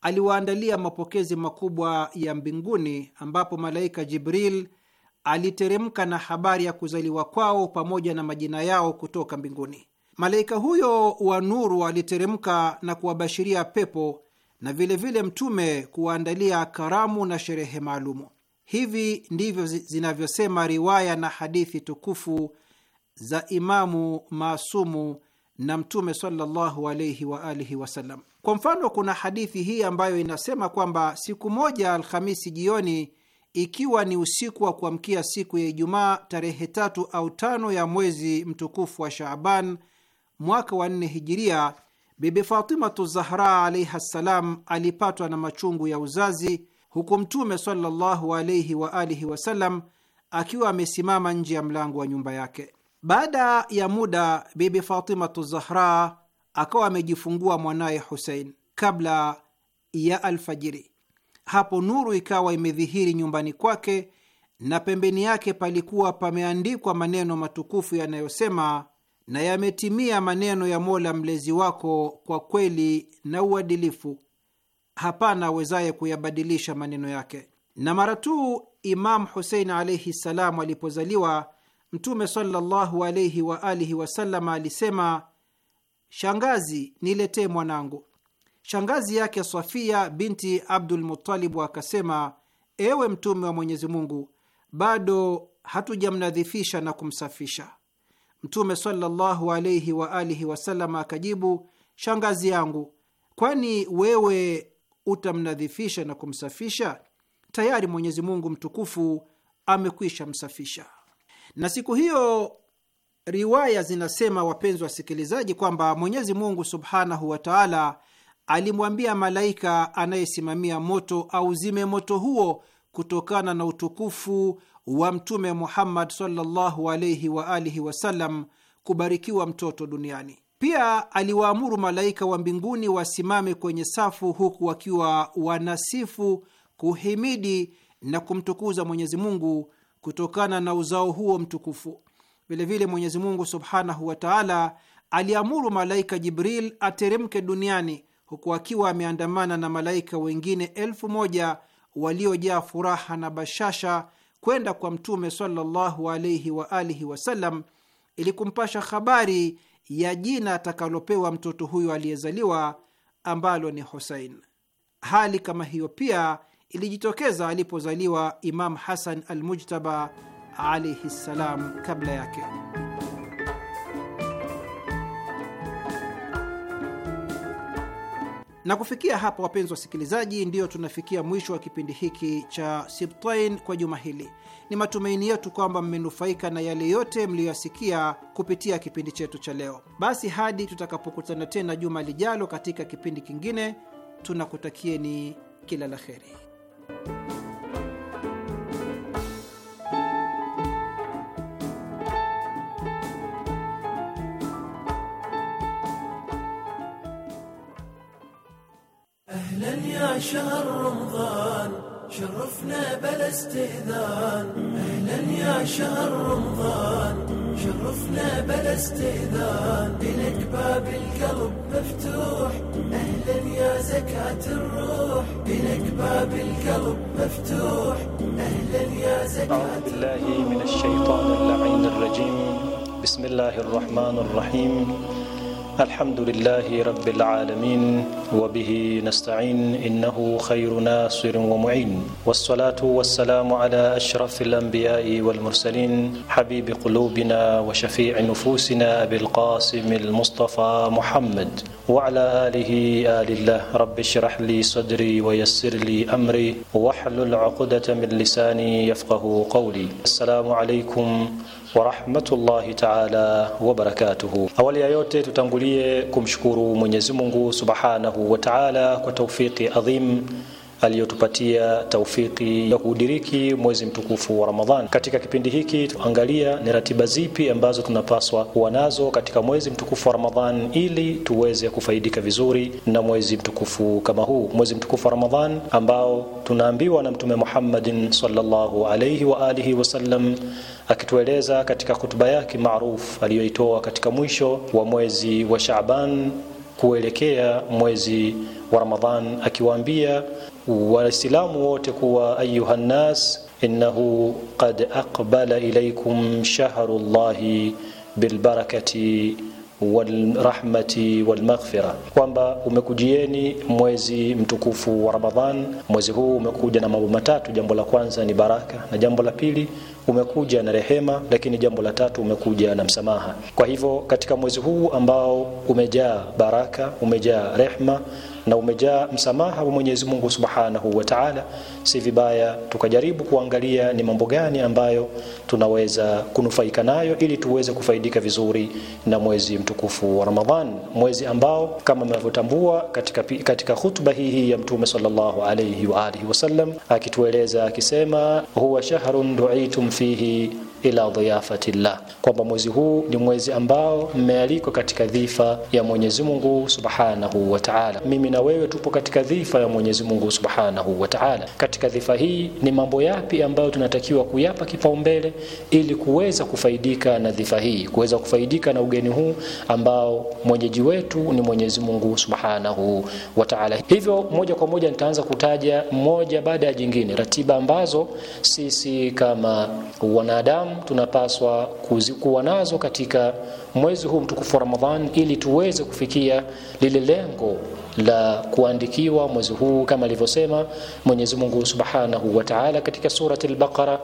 aliwaandalia mapokezi makubwa ya mbinguni, ambapo malaika Jibril aliteremka na habari ya kuzaliwa kwao pamoja na majina yao kutoka mbinguni. Malaika huyo wa nuru aliteremka na kuwabashiria pepo na vilevile vile mtume kuwaandalia karamu na sherehe maalumu. Hivi ndivyo zinavyosema riwaya na hadithi tukufu za Imamu Masumu na Mtume sallallahu alaihi wa alihi wasallam. Kwa mfano, kuna hadithi hii ambayo inasema kwamba siku moja Alhamisi jioni, ikiwa ni usiku wa kuamkia siku ya Ijumaa tarehe tatu au tano ya mwezi mtukufu wa Shaaban mwaka wa nne hijiria, Bibi Fatimatu Zahra alaihi ssalam alipatwa na machungu ya uzazi huku Mtume sallallahu alaihi wa alihi wasallam akiwa amesimama nje ya mlango wa nyumba yake. Baada ya muda, Bibi Fatimatu Zahra akawa amejifungua mwanaye Husein kabla ya alfajiri. Hapo nuru ikawa imedhihiri nyumbani kwake na pembeni yake palikuwa pameandikwa maneno matukufu yanayosema, na yametimia maneno ya Mola mlezi wako kwa kweli na uadilifu hapana awezaye kuyabadilisha maneno yake. Na mara tu Imamu Husein alaihi ssalam alipozaliwa, Mtume sallallahu alaihi wa alihi wasallama alisema, shangazi, niletee mwanangu. Shangazi yake Safia binti Abdul Mutalibu akasema, ewe Mtume wa Mwenyezi Mungu, bado hatujamnadhifisha na kumsafisha. Mtume sallallahu alaihi wa alihi wasallama akajibu, shangazi yangu, kwani wewe utamnadhifisha na kumsafisha? Tayari Mwenyezi Mungu mtukufu amekwisha msafisha. Na siku hiyo riwaya zinasema, wapenzi wasikilizaji, kwamba Mwenyezi Mungu subhanahu wa taala alimwambia malaika anayesimamia moto auzime moto huo kutokana na utukufu wa Mtume Muhammad sallallahu alaihi waalihi wasallam, kubarikiwa mtoto duniani. Pia aliwaamuru malaika wa mbinguni wasimame kwenye safu, huku wakiwa wanasifu, kuhimidi na kumtukuza Mwenyezi Mungu kutokana na uzao huo mtukufu. Vilevile Mwenyezi Mungu subhanahu wa taala aliamuru malaika Jibril ateremke duniani huku akiwa ameandamana na malaika wengine elfu moja waliojaa furaha na bashasha kwenda kwa Mtume sallallahu alaihi waalihi wasallam ili kumpasha habari ya jina atakalopewa mtoto huyo aliyezaliwa ambalo ni Husein. Hali kama hiyo pia ilijitokeza alipozaliwa Imam Hasan Almujtaba alaihi ssalam kabla yake. Na kufikia hapa, wapenzi wasikilizaji, ndiyo tunafikia mwisho wa kipindi hiki cha Sibtain kwa juma hili. Ni matumaini yetu kwamba mmenufaika na yale yote mliyoyasikia kupitia kipindi chetu cha leo. Basi hadi tutakapokutana tena juma lijalo katika kipindi kingine, tunakutakieni kila la heri. شهر رمضان شرفنا بلا استئذان اهلا يا شهر رمضان شرفنا بلا استئذان لك باب القلب مفتوح اهلا يا زكاة الروح لك باب القلب مفتوح اهلا يا زكاة الروح أعوذ بالله من الشيطان اللعين الرجيم بسم الله الرحمن الرحيم الحمد لله رب العالمين وبه نستعين إنه خير ناصر ومعين والصلاة والسلام على أشرف الأنبياء والمرسلين حبيب قلوبنا وشفيع نفوسنا بالقاسم المصطفى محمد وعلى آله آل الله رب اشرح لي صدري ويسر لي أمري واحلل عقدة من لساني يفقه قولي السلام عليكم wa rahmatullahi taala wa barakatuhu. Awali ya yote tutangulie kumshukuru Mwenyezi Mungu subhanahu wa kwa taufiki adhim aliyotupatia taufiki ya kuudiriki mwezi mtukufu wa Ramadhani. Katika kipindi hiki tuangalia ni ratiba zipi ambazo tunapaswa kuwa nazo katika mwezi mtukufu wa Ramadhani ili tuweze kufaidika vizuri na mwezi mtukufu kama huu, mwezi mtukufu wa Ramadhani ambao tunaambiwa na Mtume Muhammadin sallallahu alayhi wa alihi wasallam akitueleza katika hutuba yake maarufu aliyoitoa katika mwisho wa mwezi wa Shaaban kuelekea mwezi wa Ramadhan akiwaambia waislamu wote kuwa ayuha nnas innahu qad aqbala ilaykum shahru llahi bilbarakati walrahmati walmaghfira, kwamba umekujieni mwezi mtukufu wa Ramadhan. Mwezi huu umekuja na mambo matatu. Jambo la kwanza ni baraka, na jambo la pili umekuja na rehema, lakini jambo la tatu umekuja na msamaha. Kwa hivyo katika mwezi huu ambao umejaa baraka, umejaa rehma na umejaa msamaha wa Mwenyezi Mungu Subhanahu wa Ta'ala, si vibaya tukajaribu kuangalia ni mambo gani ambayo tunaweza kunufaika nayo ili tuweze kufaidika vizuri na mwezi mtukufu wa Ramadhan, mwezi ambao kama mnavyotambua katika, katika hutuba hii hii ya Mtume sallallahu alayhi wa alihi wasallam akitueleza akisema, huwa shahrun du'itum fihi ila llah, kwamba mwezi huu ni mwezi ambao mmealikwa katika dhifa ya Mwenyezi Mungu Subhanahu wa Ta'ala. Mimi na wewe tupo katika dhifa ya Mwenyezi Mungu Subhanahu wa Ta'ala. Katika dhifa hii ni mambo yapi ambayo tunatakiwa kuyapa kipaumbele ili kuweza kufaidika na dhifa hii, kuweza kufaidika na ugeni huu ambao mwenyeji wetu ni Mwenyezi Mungu Subhanahu wa Ta'ala. Hivyo moja kwa moja nitaanza kutaja moja baada ya jingine ratiba ambazo sisi kama wanadamu tunapaswa kuwa nazo katika mwezi huu mtukufu wa Ramadhani ili tuweze kufikia lile lengo la kuandikiwa mwezi huu kama alivyosema Mwenyezi Mungu Subhanahu wa Ta'ala katika surati Al-Baqara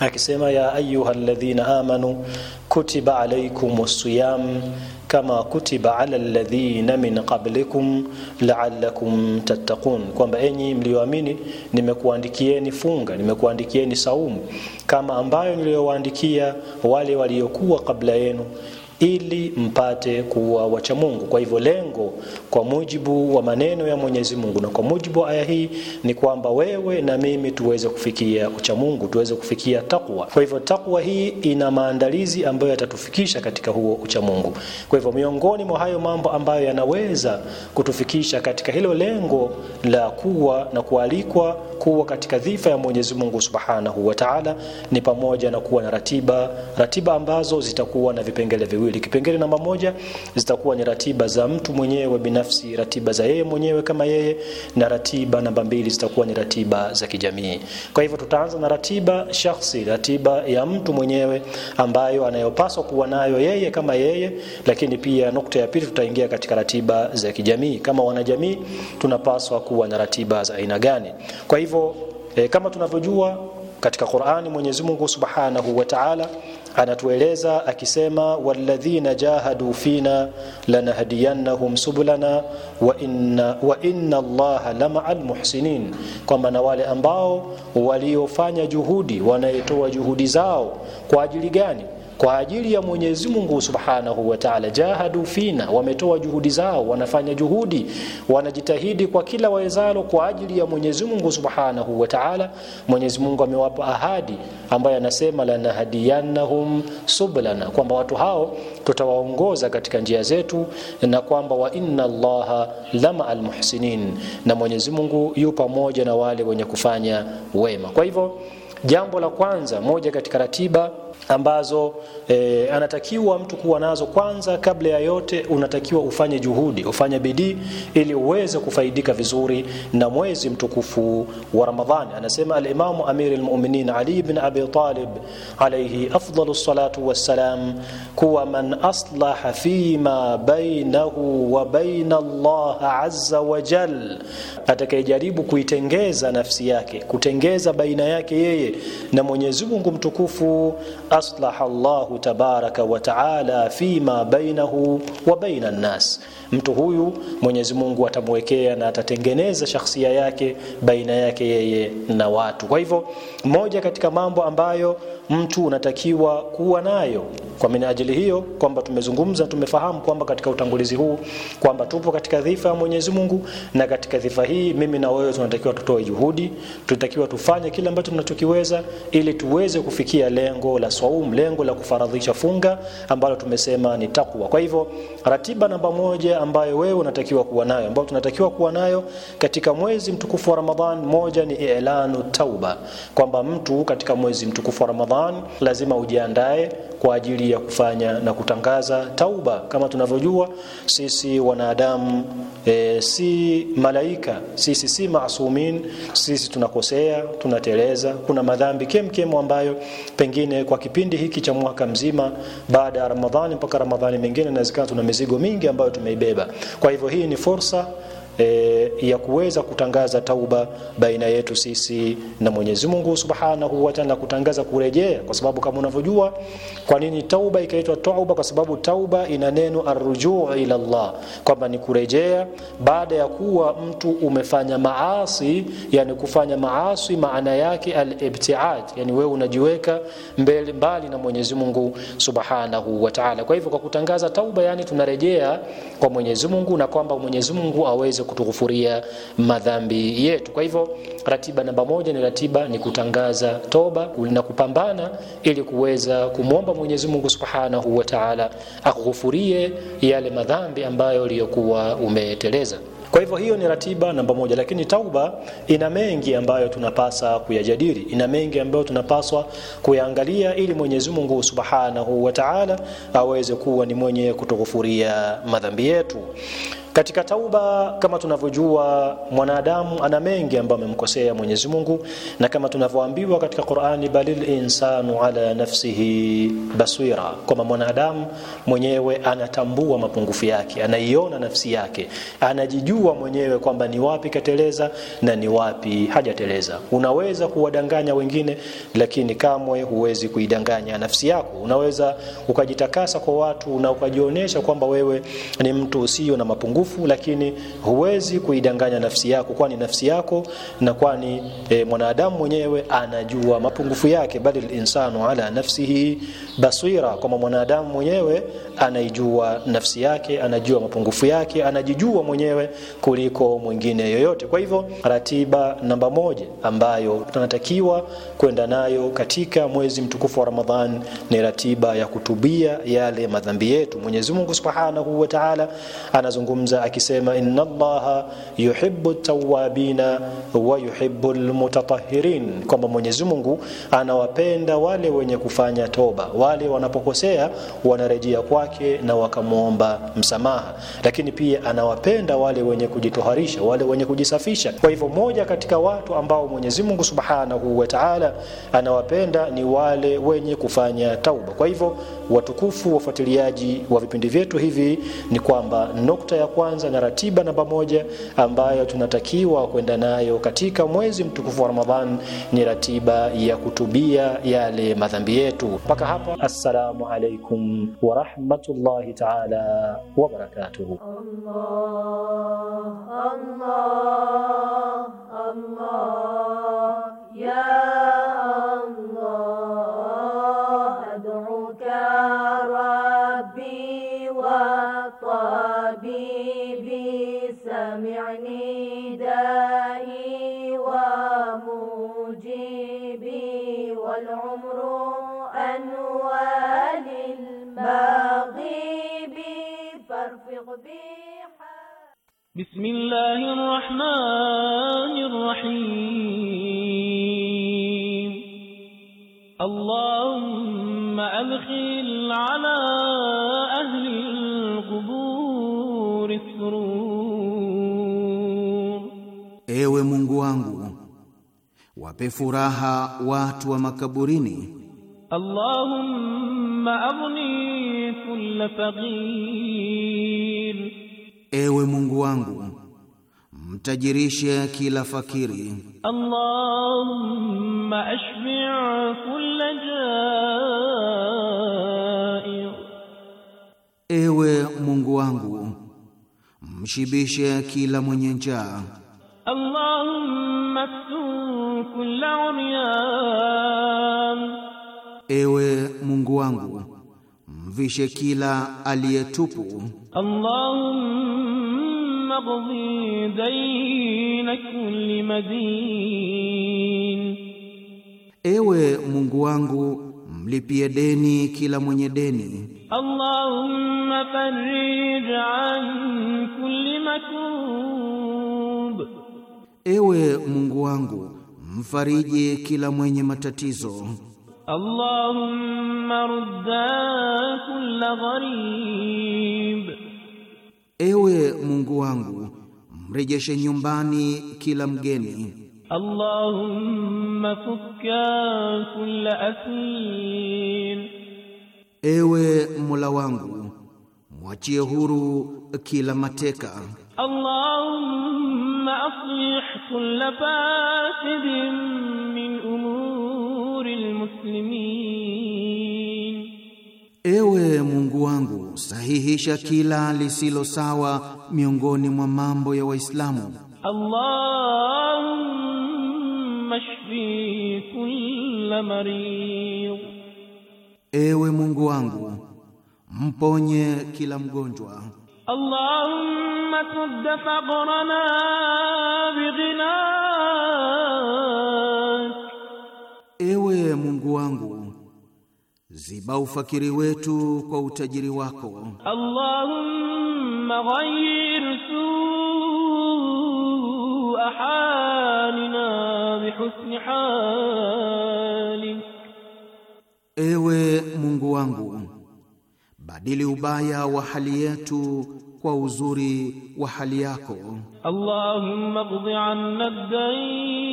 akisema ya ayuha alladhina amanu kutiba alaykum siyam kama kutiba ala alladhina min qablikum la'allakum tattaqun, kwamba enyi mlioamini, nimekuandikieni funga, nimekuandikieni saumu kama ambayo niliyowaandikia wale waliokuwa kabla yenu ili mpate kuwa wacha Mungu. Kwa hivyo lengo kwa mujibu wa maneno ya Mwenyezi Mungu na kwa mujibu wa aya hii ni kwamba wewe na mimi tuweze kufikia ucha Mungu, tuweze kufikia takwa. Kwa hivyo takwa hii ina maandalizi ambayo yatatufikisha katika huo ucha Mungu. Kwa hivyo miongoni mwa hayo mambo ambayo yanaweza kutufikisha katika hilo lengo la kuwa na kualikwa kuwa katika dhifa ya Mwenyezi Mungu Subhanahu wa Ta'ala ni pamoja na kuwa na ratiba, ratiba ambazo zitakuwa na vipengele viwili miwili. Kipengele namba moja zitakuwa ni ratiba za mtu mwenyewe binafsi, ratiba za yeye mwenyewe kama yeye, na ratiba namba mbili zitakuwa ni ratiba za kijamii. Kwa hivyo tutaanza na ratiba shakhsi, ratiba ya mtu mwenyewe ambayo anayopaswa kuwa nayo yeye kama yeye, lakini pia nukta ya pili tutaingia katika ratiba za kijamii. Kama wanajamii tunapaswa kuwa na ratiba za aina gani? Kwa hivyo e, kama tunavyojua katika Qur'ani Mwenyezi Mungu Subhanahu wa Ta'ala anatueleza akisema walladhina jahadu fina lanahdiyannahum subulana wa inna, wa inna allaha lamaa lmuhsinin, kwamba na wale ambao waliofanya juhudi wanayetoa juhudi zao kwa ajili gani? kwa ajili ya Mwenyezi Mungu Subhanahu wa Ta'ala. Jahadu fina, wametoa juhudi zao, wanafanya juhudi, wanajitahidi kwa kila wawezalo kwa ajili ya Mwenyezi Mungu Subhanahu wa Ta'ala. Mwenyezi Mungu amewapa ahadi ambayo anasema lanahadiyannahum sublana, kwamba watu hao tutawaongoza katika njia zetu, na kwamba wa inna Allaha lama almuhsinin, na Mwenyezi Mungu yu pamoja na wale wenye kufanya wema. Kwa hivyo jambo la kwanza moja katika ratiba ambazo e, anatakiwa mtu kuwa nazo. Kwanza kabla ya yote, unatakiwa ufanye juhudi, ufanye bidii ili uweze kufaidika vizuri na mwezi mtukufu wa Ramadhani. Anasema al-Imamu Amir al-Mu'minin Ali ibn Abi Talib alayhi afdalu salatu wassalam, kuwa man aslaha fima bainahu wa baina Allah azza wa jal, atakayejaribu kuitengeza nafsi yake, kutengeza baina yake yeye na Mwenyezi Mungu mtukufu aslaha Allahu tabaraka wa taala ma bainahu wa baina nnas, mtu huyu Mwenyezi Mungu atamwekea na atatengeneza shakhsia yake baina yake yeye na watu. Kwa hivyo moja katika mambo ambayo mtu unatakiwa kuwa nayo. Kwa minajili hiyo kwamba tumezungumza, tumefahamu kwamba katika utangulizi huu kwamba tupo katika dhifa ya Mwenyezi Mungu, na katika dhifa hii mimi na wewe tunatakiwa tutoe juhudi, tunatakiwa tufanye kile ambacho tunachokiweza ili tuweze kufikia lengo la saum, lengo la kufaradhisha funga ambalo tumesema ni takwa. Kwa hivyo ratiba namba moja ambayo wewe unatakiwa kuwa nayo, ambayo tunatakiwa kuwa nayo katika mwezi mtukufu wa Ramadhan, moja ni i'lanu tauba, kwamba mtu katika mwezi mtukufu wa Ramadhan Ramadhan lazima ujiandae kwa ajili ya kufanya na kutangaza tauba. Kama tunavyojua sisi wanadamu e, si malaika, sisi si masumin sisi tunakosea, tunateleza. Kuna madhambi kemkem ambayo pengine kwa kipindi hiki cha mwaka mzima baada ya Ramadhani mpaka Ramadhani mingine, inawezekana tuna mizigo mingi ambayo tumeibeba. Kwa hivyo hii ni fursa e, ya kuweza kutangaza tauba baina yetu sisi na Mwenyezi Mungu Subhanahu wa Ta'ala, kutangaza kurejea, kwa sababu kama unavyojua kwa nini tauba ikaitwa tauba, kwa sababu tauba ina neno arrujuu ila Allah, kwamba ni kurejea baada ya kuwa mtu umefanya maasi. Yani kufanya maasi maana yake al-ibtiad, yani wewe unajiweka mbele mbali na Mwenyezi Mungu Subhanahu wa Ta'ala. Kwa hivyo kwa kutangaza tauba, yani tunarejea kwa Mwenyezi Mungu na kwamba Mwenyezi Mungu aweze kutughufuria madhambi yetu. Kwa hivyo ratiba namba moja ni ratiba ni kutangaza toba na kupambana ili kuweza kumwomba Mwenyezi Mungu Subhanahu wa Ta'ala akughufurie yale madhambi ambayo uliyokuwa umeteleza. Kwa hivyo hiyo ni ratiba namba moja, lakini tauba ina mengi ambayo tunapasa kuyajadili, ina mengi ambayo tunapaswa kuyaangalia ili Mwenyezi Mungu Subhanahu wa Ta'ala aweze kuwa ni mwenye kutughufuria madhambi yetu. Katika tauba kama tunavyojua mwanadamu ana mengi ambayo amemkosea Mwenyezi Mungu na kama tunavyoambiwa katika Qur'ani balil insanu ala nafsihi basira kwamba mwanadamu mwenyewe anatambua mapungufu yake anaiona nafsi yake anajijua mwenyewe kwamba ni wapi kateleza na ni wapi hajateleza unaweza kuwadanganya wengine lakini kamwe huwezi kuidanganya nafsi yako unaweza ukajitakasa kwa watu na ukajionyesha kwamba wewe ni mtu usio na mapungufu nguvu lakini huwezi kuidanganya nafsi yako kwani nafsi yako na kwani e, mwanadamu mwenyewe anajua mapungufu yake bali linsanu ala nafsihi basira kwamba mwanadamu mwenyewe anaijua nafsi yake anajua mapungufu yake anajijua mwenyewe kuliko mwingine yoyote kwa hivyo ratiba namba moja ambayo tunatakiwa kwenda nayo katika mwezi mtukufu wa Ramadhani ni ratiba ya kutubia yale madhambi yetu Mwenyezi Mungu Subhanahu wa Ta'ala anazungumza akizungumza akisema inna Allaha yuhibbu tawabina wa yuhibbu lmutatahirin kwamba Mwenyezi Mungu anawapenda wale wenye kufanya toba, wale wanapokosea wanarejea kwake na wakamwomba msamaha, lakini pia anawapenda wale wenye kujitoharisha, wale wenye kujisafisha. Kwa hivyo moja katika watu ambao Mwenyezi Mungu Subhanahu wa Ta'ala anawapenda ni wale wenye kufanya tauba. Kwa hivyo watukufu wafuatiliaji wa vipindi vyetu hivi, ni kwamba nukta ya kwa kwanza na ratiba namba moja ambayo tunatakiwa kwenda nayo katika mwezi mtukufu wa Ramadhan ni ratiba ya kutubia yale madhambi yetu. Mpaka hapa, assalamu alaikum wa rahmatullahi taala wa Allah, Allah, Allah, ya بسم الله الرحمن الرحيم اللهم أدخل على أهل القبور السرور ايوه مungu wangu wape furaha watu wa makaburini Allahumma aghni kulla faqir, ewe Mungu wangu mtajirishe kila fakiri. Allahumma ashbi' kulla ja'i, ewe Mungu wangu mshibishe kila mwenye njaa. Allahumma kulla 'uryan Ewe Mungu wangu, mvishe kila aliyetupu. Allahumma qdi dayna kulli madin, Ewe Mungu wangu, mlipie deni kila mwenye deni. Allahumma farrij an kulli makub, Ewe Mungu wangu, mfariji kila mwenye matatizo. Allahumma rudda kulla gharib, ewe Mungu wangu mrejeshe nyumbani kila mgeni. Allahumma fukka kulla asir, ewe Mola wangu mwachie huru kila mateka. Allahumma aslih kulla fasidin min umur Ewe Mungu wangu, sahihisha kila lisilo sawa miongoni mwa mambo ya Waislamu. Allahumma shfi kulla marid. Ewe Mungu wangu, mponye kila mgonjwa. Allahumma tudda faqrana bighina ewe Mungu wangu, ziba ufakiri wetu kwa utajiri wako. Allahumma ghayyir su'a halina bihusni hali, ewe Mungu wangu, badili ubaya wa hali yetu kwa uzuri wa hali yako. Allahumma qdi anna ad-dayn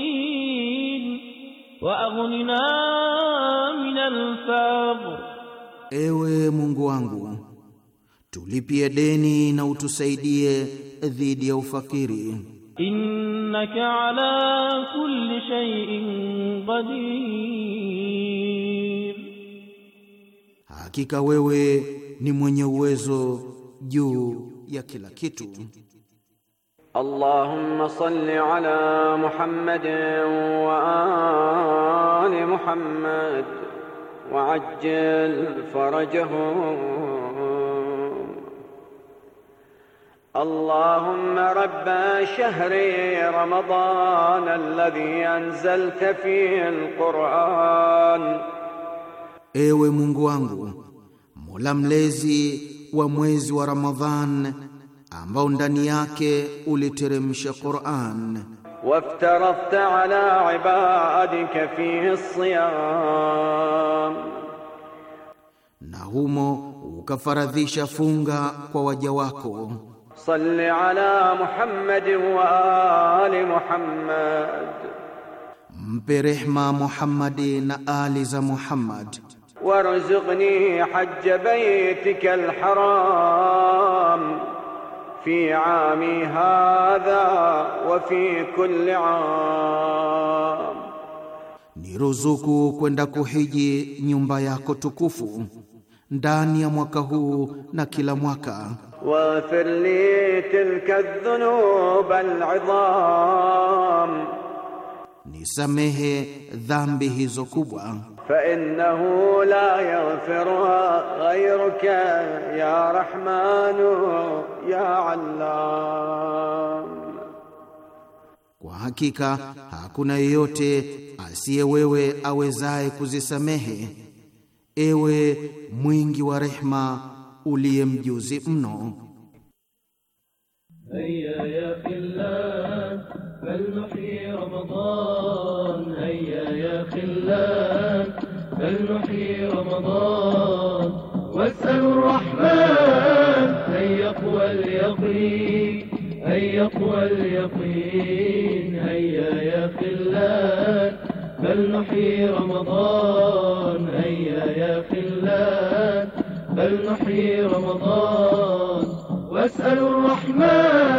Waaghna min alfaqr, ewe Mungu wangu tulipie deni na utusaidie dhidi ya ufakiri. Innaka ala kulli shay'in qadir, hakika wewe ni mwenye uwezo juu ya kila kitu. اللهم صل على محمد وآل محمد وعجل فرجهم اللهم رب شهر رمضان الذي أنزلت فيه القرآن ايوه Mungu wangu, Mola mlezi ورمضان mwezi ambao ndani yake uliteremsha Qur'an. Waftarafta ala ibadika fi siyam na humo ukafaradhisha funga kwa waja wako. Salli ala Muhammad wa ali Muhammad, mpe rehma Muhammadi na ali za Muhammad. Warzuqni hajj baytika alharam في عامي هذا وفي كل عام aam, ni ruzuku kwenda kuhiji nyumba yako tukufu ndani ya mwaka huu na kila mwaka. Waghfir li tilka dhunub al'idham, nisamehe dhambi hizo kubwa فإنه لا يغفرها غيرك يا رحمن يا علام Kwa hakika hakuna yeyote asiye wewe awezaye kuzisamehe, ewe mwingi wa rehma uliye mjuzi mno. Hayya ya Allah, الرحمن أن يقوى اليقين أن يقوى اليقين هيا يا خلان بل نحيي رمضان هيا يا خلان بل نحيي رمضان واسأل الرحمن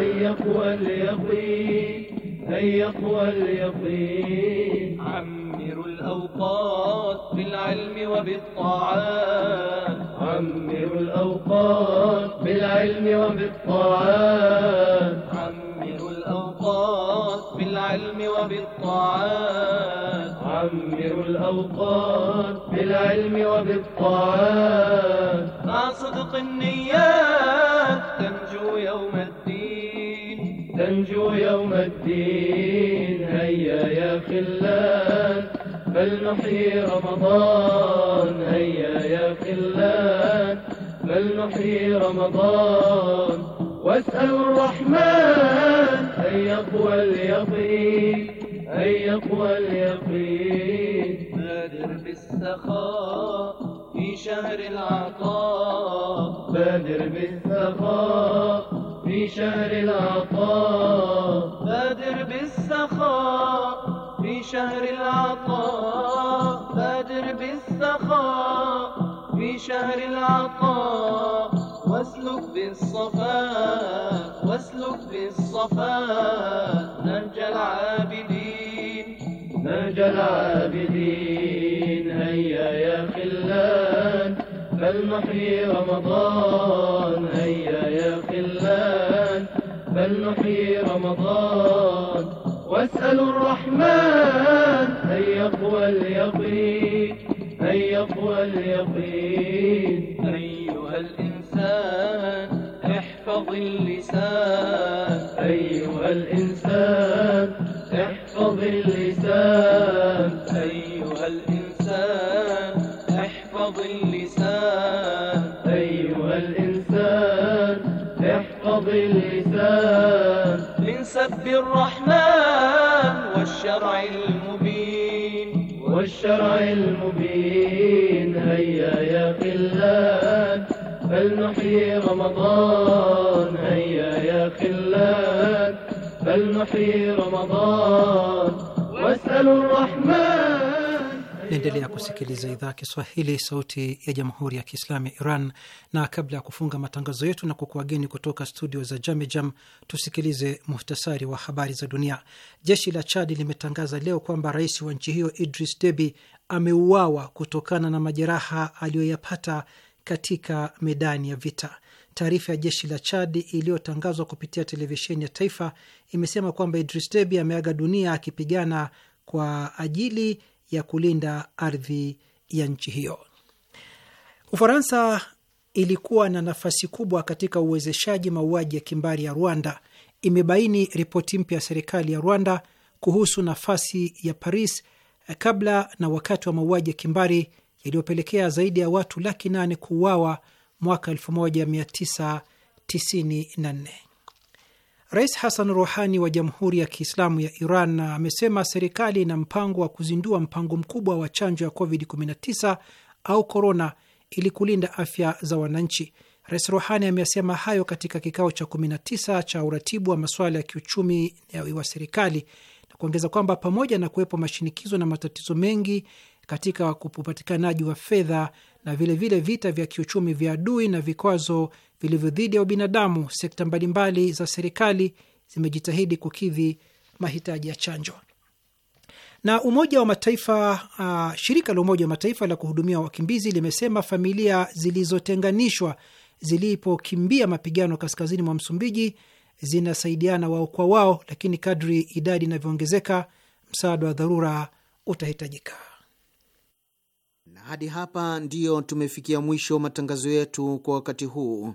أن يقوى اليقين أن يقوى اليقين عمروا الأوقات بالعلم وبالطاعات عمروا الأوقات بالعلم وبالطاعات عمروا الأوقات بالعلم وبالطاعات عمروا الأوقات بالعلم وبالطاعات مع صدق النيات تنجو يوم الدين تنجو يوم الدين هيا يا خلان بل نحيي رمضان هيا يا خلان بل نحيي رمضان واسأل الرحمن أن يقوى اليقين أن يقوى اليقين بادر بالسخاء في شهر العطاء بادر بالسخاء في شهر العطاء بادر بالسخاء في شهر العطاء بادر بالسخاء في شهر العطاء واسلك بالصفاء واسلك بالصفاء نرجى العابدين نرجى العابدين هيا يا خلان فلنحيي رمضان هيا يا خلان فلنحيي رمضان واسأل الرحمن أن يقوى اليقين أن يقوى اليقين أيها الإنسان احفظ اللسان أيها الإنسان احفظ اللسان أيها الإنسان احفظ اللسان أيها الإنسان احفظ اللسان من سب الرحمن والشرع المبين والشرع المبين هيا يا قلان فلنحيي رمضان هيا يا قلان فلنحيي رمضان واسألوا الرحمن Naendelea kusikiliza idhaa ya Kiswahili, sauti ya jamhuri ya kiislamu ya Iran. Na kabla ya kufunga matangazo yetu na kukuageni kutoka studio za Jamejam, tusikilize muhtasari wa habari za dunia. Jeshi la Chadi limetangaza leo kwamba rais wa nchi hiyo Idris Deby ameuawa kutokana na majeraha aliyoyapata katika medani ya vita. Taarifa ya jeshi la Chadi iliyotangazwa kupitia televisheni ya taifa imesema kwamba Idris Deby ameaga dunia akipigana kwa ajili ya kulinda ardhi ya nchi hiyo. Ufaransa ilikuwa na nafasi kubwa katika uwezeshaji mauaji ya kimbari ya Rwanda, imebaini ripoti mpya ya serikali ya Rwanda kuhusu nafasi ya Paris kabla na wakati wa mauaji ya kimbari yaliyopelekea zaidi ya watu laki nane kuuawa mwaka 1994. Rais Hassan Rouhani wa Jamhuri ya Kiislamu ya Iran amesema serikali ina mpango wa kuzindua mpango mkubwa wa chanjo ya COVID-19 au korona ili kulinda afya za wananchi. Rais Rouhani ameyasema hayo katika kikao cha 19 cha uratibu wa masuala ya kiuchumi wa serikali na kuongeza kwamba pamoja na kuwepo mashinikizo na matatizo mengi katika upatikanaji wa fedha na vilevile vile vita vya kiuchumi vya adui na vikwazo vilivyo dhidi ya ubinadamu, sekta mbalimbali za serikali zimejitahidi kukidhi mahitaji ya chanjo. Na Umoja wa Mataifa uh, shirika la Umoja wa Mataifa la kuhudumia wakimbizi limesema familia zilizotenganishwa zilipokimbia mapigano kaskazini mwa Msumbiji zinasaidiana wao kwa wao, lakini kadri idadi inavyoongezeka msaada wa dharura utahitajika. Na hadi hapa ndiyo tumefikia mwisho matangazo yetu kwa wakati huu.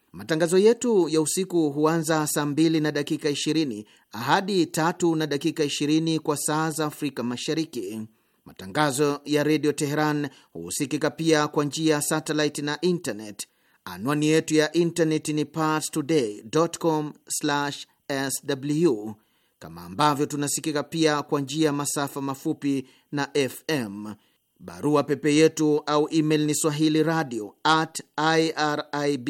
Matangazo yetu ya usiku huanza saa 2 na dakika 2h0 hadi tatu na dakika ishirini kwa saa za Afrika Mashariki. Matangazo ya redio Teheran huhusikika pia kwa njia ya satellite na internet. Anwani yetu ya internet ni parstoday.com/sw, kama ambavyo tunasikika pia kwa njia ya masafa mafupi na FM. Barua pepe yetu au email ni swahili radio at irib